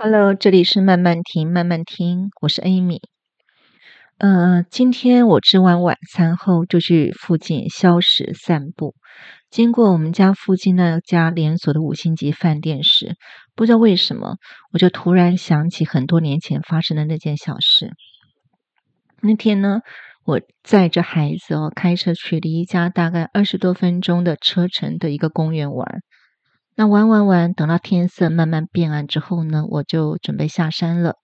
哈嘍，這裡是慢慢聽，慢慢聽，我是 Amy。嗯、呃，今天我吃完晚餐後就去附近消食散步。經過我們家附近那家連鎖的五星級飯店時，不知道為什麼，我就突然想起很多年前發生的那件小事。那天呢，我載着孩子哦，開車去離家大概二十多分鐘的車程的一個公園玩。那玩玩玩，等到天色慢慢變暗之後呢，我就準備下山了。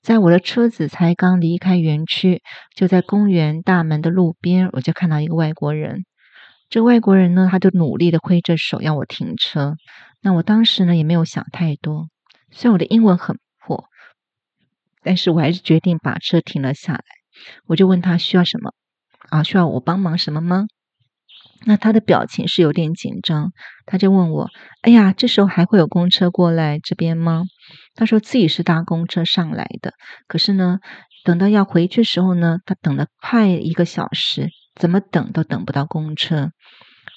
在我的車子才剛離開園區，就在公園大門的路邊，我就看到一個外國人。這個外國人呢，他就努力的揮着手要我停車。那我當時呢，也沒有想太多，雖然我的英文很破，但是我還是決定把車停了下來。我就問他需要什麼啊？需要我幫忙什麼嗎？那他的表情是有點緊張，他就問我：“哎呀，這時候還會有公車過來這邊嗎？”他說自己是搭公車上來的，可是呢，等到要回去的時候呢，他等了快一個小時，怎麼等都等不到公車。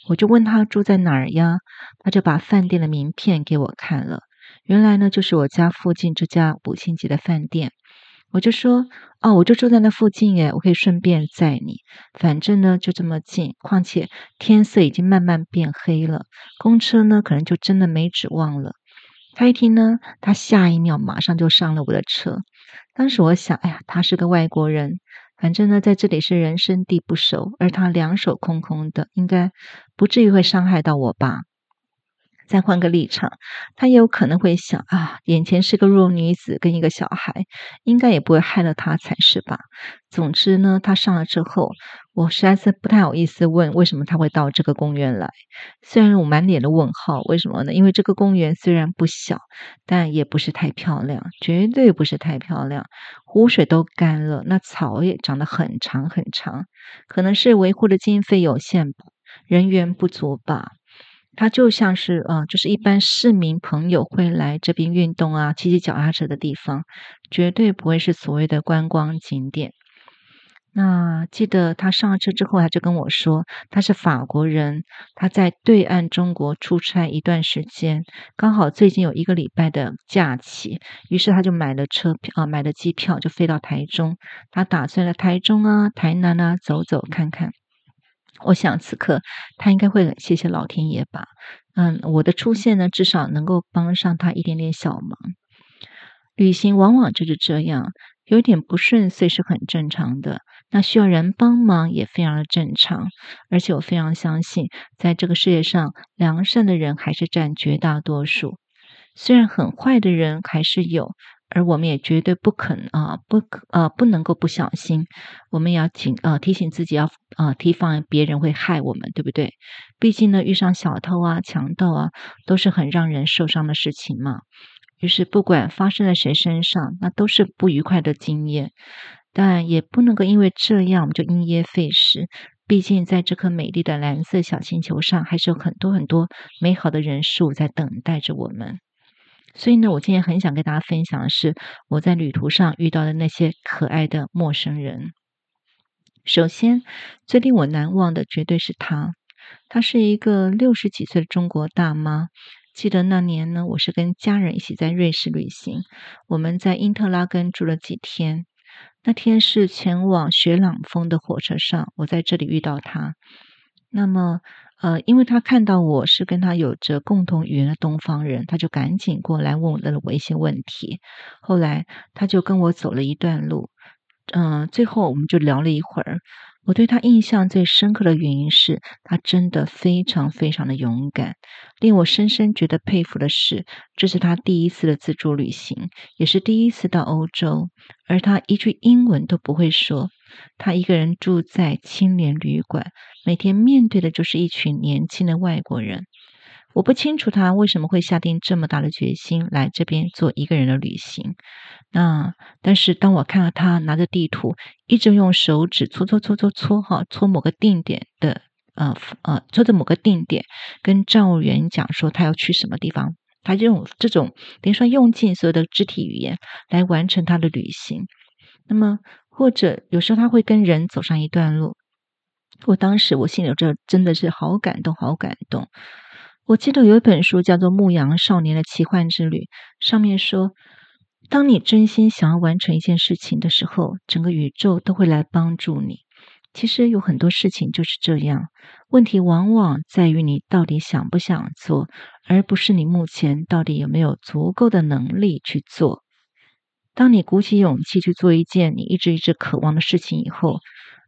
我就問他住在哪兒呀？他就把飯店的名片給我看了，原來呢就是我家附近這家五星級的飯店。我就說，哦，我就住在那附近哎，我可以順便載你，反正呢就這麼近，況且天色已經慢慢變黑了，公車呢可能就真的沒指望了。他一聽呢，他下一秒馬上就上了我的車。當時我想，哎呀，他是個外國人，反正呢在這裡是人生地不熟，而他兩手空空的，應該不至於會傷害到我吧。再換個立場，他也有可能會想啊，眼前是個弱女子跟一個小孩，應該也不會害了他才是吧。總之呢，他上了之後，我實在是不太好意思問為什麼他會到這個公園來。雖然我滿臉的問號，為什麼呢？因為這個公園雖然不小，但也不是太漂亮，絕對不是太漂亮。湖水都乾了，那草也長得很長很長，可能是維護的經費有限吧，人員不足吧。他就像是呃，就是一般市民朋友會來這邊運動啊、騎騎腳踏車的地方，絕對不會是所謂的觀光景點。那記得他上了車之後，他就跟我說，他是法國人，他在對岸中國出差一段時間，剛好最近有一個禮拜的假期，於是他就買了車票啊、呃，買了機票就飛到台中，他打算在台中啊、台南啊走走看看。我想此刻他應該會很謝謝老天爺吧。嗯，我的出現呢，至少能夠幫上他一點點小忙。旅行往往就是這樣，有點不順遂是很正常的，那需要人幫忙也非常的正常。而且我非常相信，在這個世界上，良善的人還是占絕大多數，雖然很壞的人還是有。而我們也絕對不肯啊、呃，不可啊、呃，不能夠不小心。我們也要警啊、呃、提醒自己要，要、呃、啊提防別人會害我們，對不對？畢竟呢，遇上小偷啊、強盜啊，都是很讓人受傷的事情嘛。於是，不管發生在誰身上，那都是不愉快的經驗。但也不能夠因為這樣我們就因噎廢食。畢竟，在這顆美麗的藍色小星球上，還是有很多很多美好的人事物在等待着我們。所以呢，我今天很想跟大家分享的是我在旅途上遇到的那些可愛的陌生人。首先，最令我難忘的絕對是她。她是一個六十幾歲的中國大媽。記得那年呢，我是跟家人一起在瑞士旅行，我們在因特拉根住了幾天。那天是前往雪朗峰的火車上，我在這裡遇到她。那麼，呃，因為他看到我是跟他有着共同語言的東方人，他就趕緊過來問了我一些問題。後來，他就跟我走了一段路，嗯，呃，最後我們就聊了一會兒。我對他印象最深刻的原因是他真的非常非常的勇敢。令我深深覺得佩服的是，這是他第一次的自助旅行，也是第一次到歐洲，而他一句英文都不會說。他一個人住在青年旅館，每天面對的就是一群年輕的外國人。我不清楚他為什麼會下定這麼大的決心來這邊做一個人的旅行。那但是當我看到他拿着地圖，一直用手指搓搓搓搓搓，哈，搓某個定點的，呃呃，搓着某個定點，跟站務員講說他要去什麼地方，他用這種等於說用盡所有的肢體語言來完成他的旅行。那麼。或者有時候他會跟人走上一段路，我當時我心裡這真的是好感動，好感動。我記得有一本書叫做《牧羊少年的奇幻之旅》，上面說，當你真心想要完成一件事情的時候，整個宇宙都會來幫助你。其實有很多事情就是這樣，問題往往在於你到底想不想做，而不是你目前到底有沒有足夠的能力去做。當你鼓起勇氣去做一件你一直一直渴望的事情以後，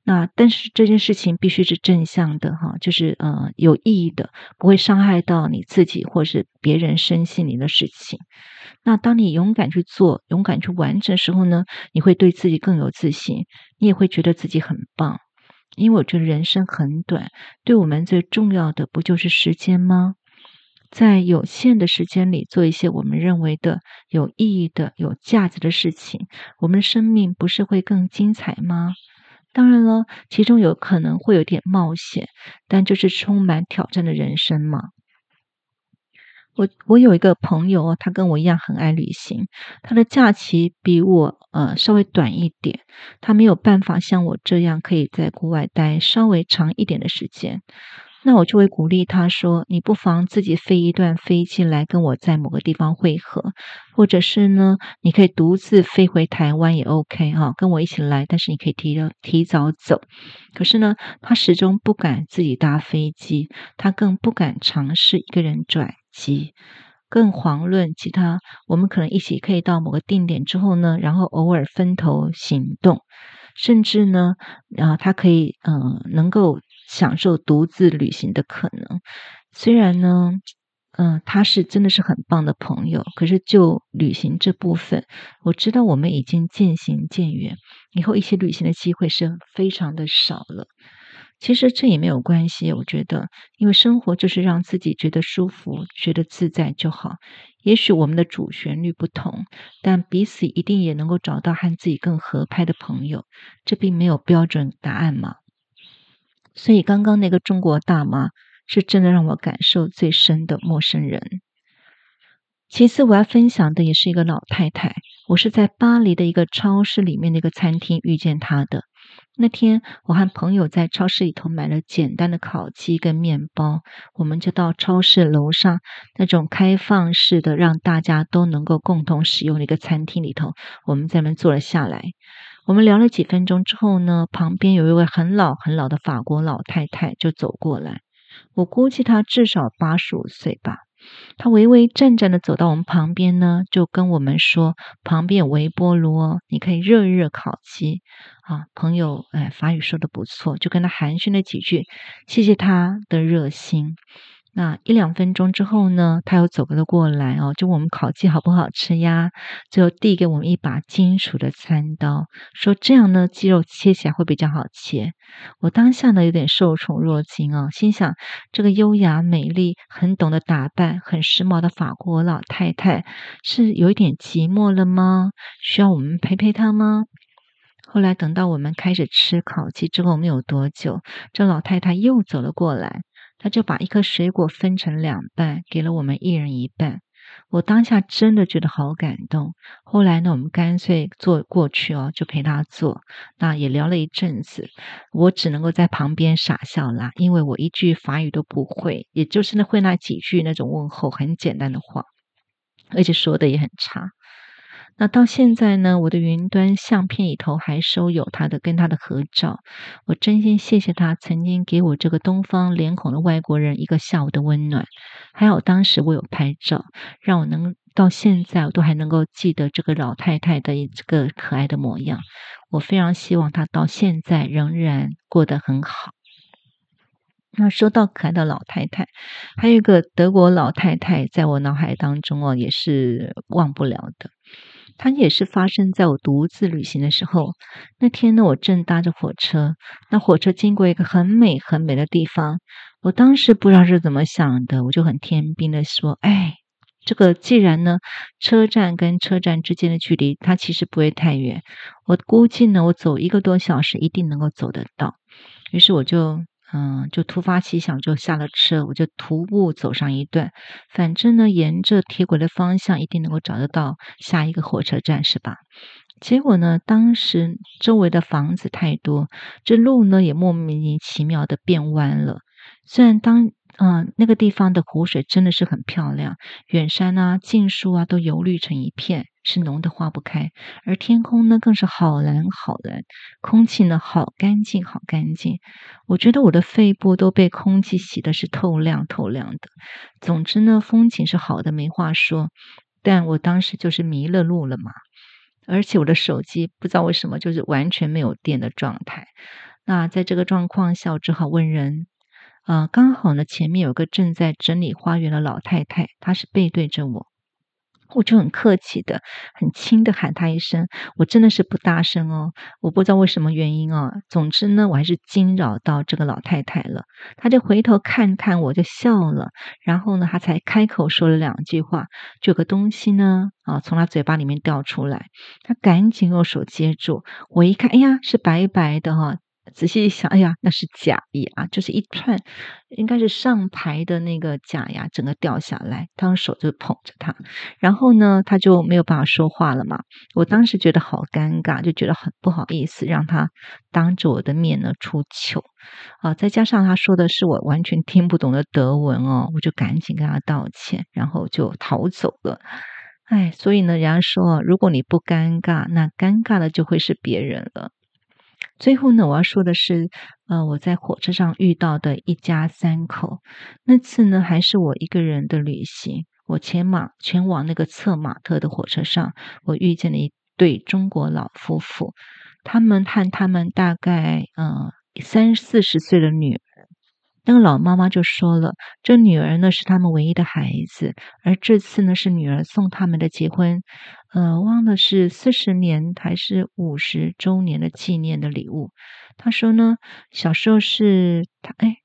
那但是這件事情必須是正向的哈，就是呃有意義的，不會傷害到你自己或是別人身心靈的事情。那當你勇敢去做、勇敢去完成的時候呢，你會對自己更有自信，你也會覺得自己很棒。因為我覺得人生很短，對我們最重要的不就是時間嗎？在有限的時間裡做一些我們認為的有意義的、有價值的事情，我們生命不是會更精彩嗎？當然了，其中有可能會有點冒險，但就是充滿挑戰的人生嘛。我我有一個朋友，他跟我一樣很愛旅行，他的假期比我呃稍微短一點，他沒有辦法像我這樣可以在國外待稍微長一點的時間。那我就會鼓勵他說：“你不妨自己飛一段飛機來跟我在某個地方匯合，或者是呢，你可以獨自飛回台灣也 OK 哈、啊，跟我一起來。但是你可以提提早走。可是呢，他始終不敢自己搭飛機，他更不敢嘗試一個人轉機，更遑論其他。我們可能一起可以到某個定點之後呢，然後偶爾分頭行動，甚至呢，啊，他可以嗯、呃，能夠。”享受獨自旅行的可能，雖然呢，嗯、呃，他是真的是很棒的朋友，可是就旅行這部分，我知道我們已經漸行漸遠，以後一起旅行的機會是非常的少了。其實這也沒有關係，我覺得，因為生活就是讓自己覺得舒服、覺得自在就好。也許我們的主旋律不同，但彼此一定也能夠找到和自己更合拍的朋友，這並沒有標準答案嘛。所以，剛剛那個中國大媽是真的讓我感受最深的陌生人。其次，我要分享的也是一個老太太，我是在巴黎的一個超市裡面的一個餐廳遇見她的。那天，我和朋友在超市裡頭買了簡單的烤雞跟麵包，我們就到超市樓上那種開放式的、讓大家都能夠共同使用的一個餐廳裡頭，我們在那邊坐了下來。我們聊了幾分鐘之後呢，旁邊有一位很老很老的法國老太太就走過來，我估計她至少八十五歲吧。她巍巍顫顫地走到我們旁邊呢，就跟我們說：“旁邊有微波爐哦，你可以熱一熱烤雞。”啊，朋友，哎，法語說得不錯，就跟她寒暄了幾句，謝謝她的熱心。那一兩分鐘之後呢，他又走了過來哦，就問我們烤雞好不好吃呀？最後遞給我們一把金屬的餐刀，說這樣呢，雞肉切起來會比較好切。我當下呢有點受寵若驚啊、哦，心想這個優雅、美麗、很懂得打扮、很時髦的法國老太太是有一點寂寞了嗎？需要我們陪陪她嗎？後來等到我們開始吃烤雞之後沒有多久，這老太太又走了過來。他就把一顆水果分成兩半，給了我們一人一半。我當下真的覺得好感動。後來呢，我們乾脆坐過去哦，就陪他坐。那也聊了一陣子，我只能夠在旁邊傻笑啦，因為我一句法語都不會，也就是那會那幾句那種問候很簡單的話，而且說的也很差。那到現在呢，我的雲端相片裡頭還收有他的跟他的合照。我真心謝謝他曾經給我這個東方臉孔的外國人一個下午的溫暖。還好當時我有拍照，讓我能到現在我都還能夠記得這個老太太的一個可愛的模樣。我非常希望她到現在仍然過得很好。那說到可愛的老太太，還有一個德國老太太，在我腦海當中哦，也是忘不了的。它也是發生在我獨自旅行的時候。那天呢，我正搭着火車，那火車經過一個很美很美的地方。我當時不知道是怎麼想的，我就很天兵的說：“哎，這個既然呢，車站跟車站之間的距離，它其實不會太遠。我估計呢，我走一個多小時一定能夠走得到。”於是我就。嗯，就突發奇想，就下了車，我就徒步走上一段。反正呢，沿着鐵軌的方向，一定能夠找得到下一個火車站，是吧？結果呢，當時周圍的房子太多，這路呢也莫名其妙的變彎了。雖然當。嗯，那個地方的湖水真的是很漂亮，遠山啊、近樹啊都油綠成一片，是濃得化不開。而天空呢更是好藍好藍，空氣呢好乾淨好乾淨，我覺得我的肺部都被空氣洗得是透亮透亮的。總之呢，風景是好的沒話說，但我當時就是迷了路了嘛，而且我的手機不知道為什麼就是完全沒有電的狀態。那在這個狀況下，我只好問人。啊、呃，剛好呢，前面有個正在整理花園的老太太，她是背對着我，我就很客氣的、很輕的喊她一聲，我真的是不大聲哦，我不知道為什麼原因哦、啊，總之呢，我還是驚擾到這個老太太了，她就回頭看看，我就笑了，然後呢，她才開口說了兩句話，就有個東西呢，啊、呃，從她嘴巴裡面掉出來，她趕緊用手接住，我一看，哎呀，是白白的哈、哦。仔細一想，哎呀，那是假牙，就是一串，應該是上排的那個假牙，整個掉下來，他手就捧着他。然後呢，他就沒有辦法說話了嘛。我當時覺得好尷尬，就覺得很不好意思，讓他當着我的面呢出糗啊、呃！再加上他說的是我完全聽不懂的德文哦，我就趕緊跟他道歉，然後就逃走了。哎，所以呢，人家說，如果你不尷尬，那尷尬的就會是別人了。最後呢，我要說的是，呃，我在火車上遇到的一家三口。那次呢，還是我一個人的旅行。我前往前往那個策馬特的火車上，我遇見了一對中國老夫婦。他們和他們大概呃三四十歲的女兒。那個老媽媽就說了，這女兒呢是他們唯一的孩子，而這次呢是女兒送他們的結婚。呃，忘的是四十年還是五十周年的紀念的禮物？他說呢，小時候是他，哎，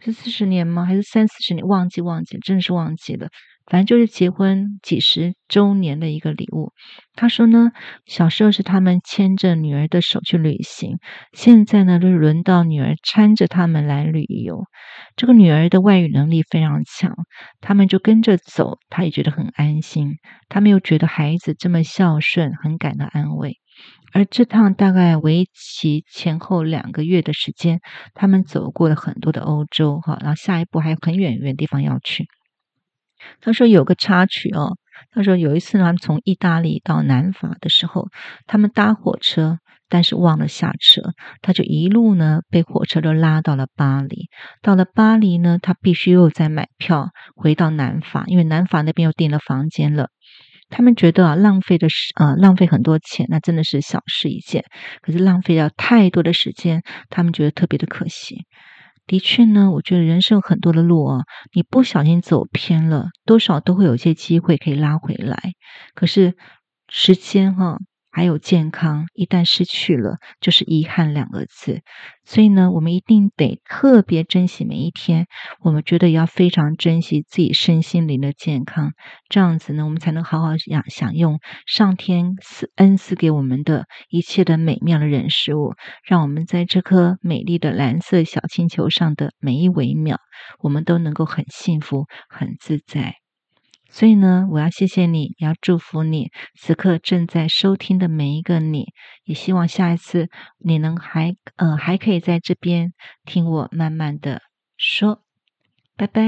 是四十年嗎？還是三四十年？忘記，忘記，真是忘記了。反正就是結婚幾十周年的一個禮物。他說呢，小時候是他們牽着女兒的手去旅行，現在呢就輪到女兒攙着他們來旅遊。這個女兒的外語能力非常強，他們就跟着走，他也覺得很安心。他們又覺得孩子這麼孝順，很感到安慰。而這趟大概為期前後兩個月的時間，他們走過了很多的歐洲，哈，然後下一步還有很遠遠地方要去。他說有個插曲哦，他說有一次呢，他們從意大利到南法的時候，他們搭火車，但是忘了下車，他就一路呢被火車都拉到了巴黎。到了巴黎呢，他必須又再買票回到南法，因為南法那邊又訂了房間了。他們覺得啊，浪費的是啊、呃，浪費很多錢，那真的是小事一件。可是浪費了太多的時間，他們覺得特別的可惜。的確呢，我覺得人生很多的路啊，你不小心走偏了，多少都會有一些機會可以拉回來。可是時間哈、啊。還有健康，一旦失去了，就是遺憾兩個字。所以呢，我們一定得特別珍惜每一天。我們覺得要非常珍惜自己身心靈的健康，這樣子呢，我們才能好好享享用上天賜恩賜給我們的一切的美妙的人事物。讓我們在這顆美麗的藍色小星球上的每一微秒，我們都能夠很幸福、很自在。所以呢，我要謝謝你，要祝福你，此刻正在收聽的每一個你，也希望下一次你能還，呃，還可以在這邊聽我慢慢的說，拜拜。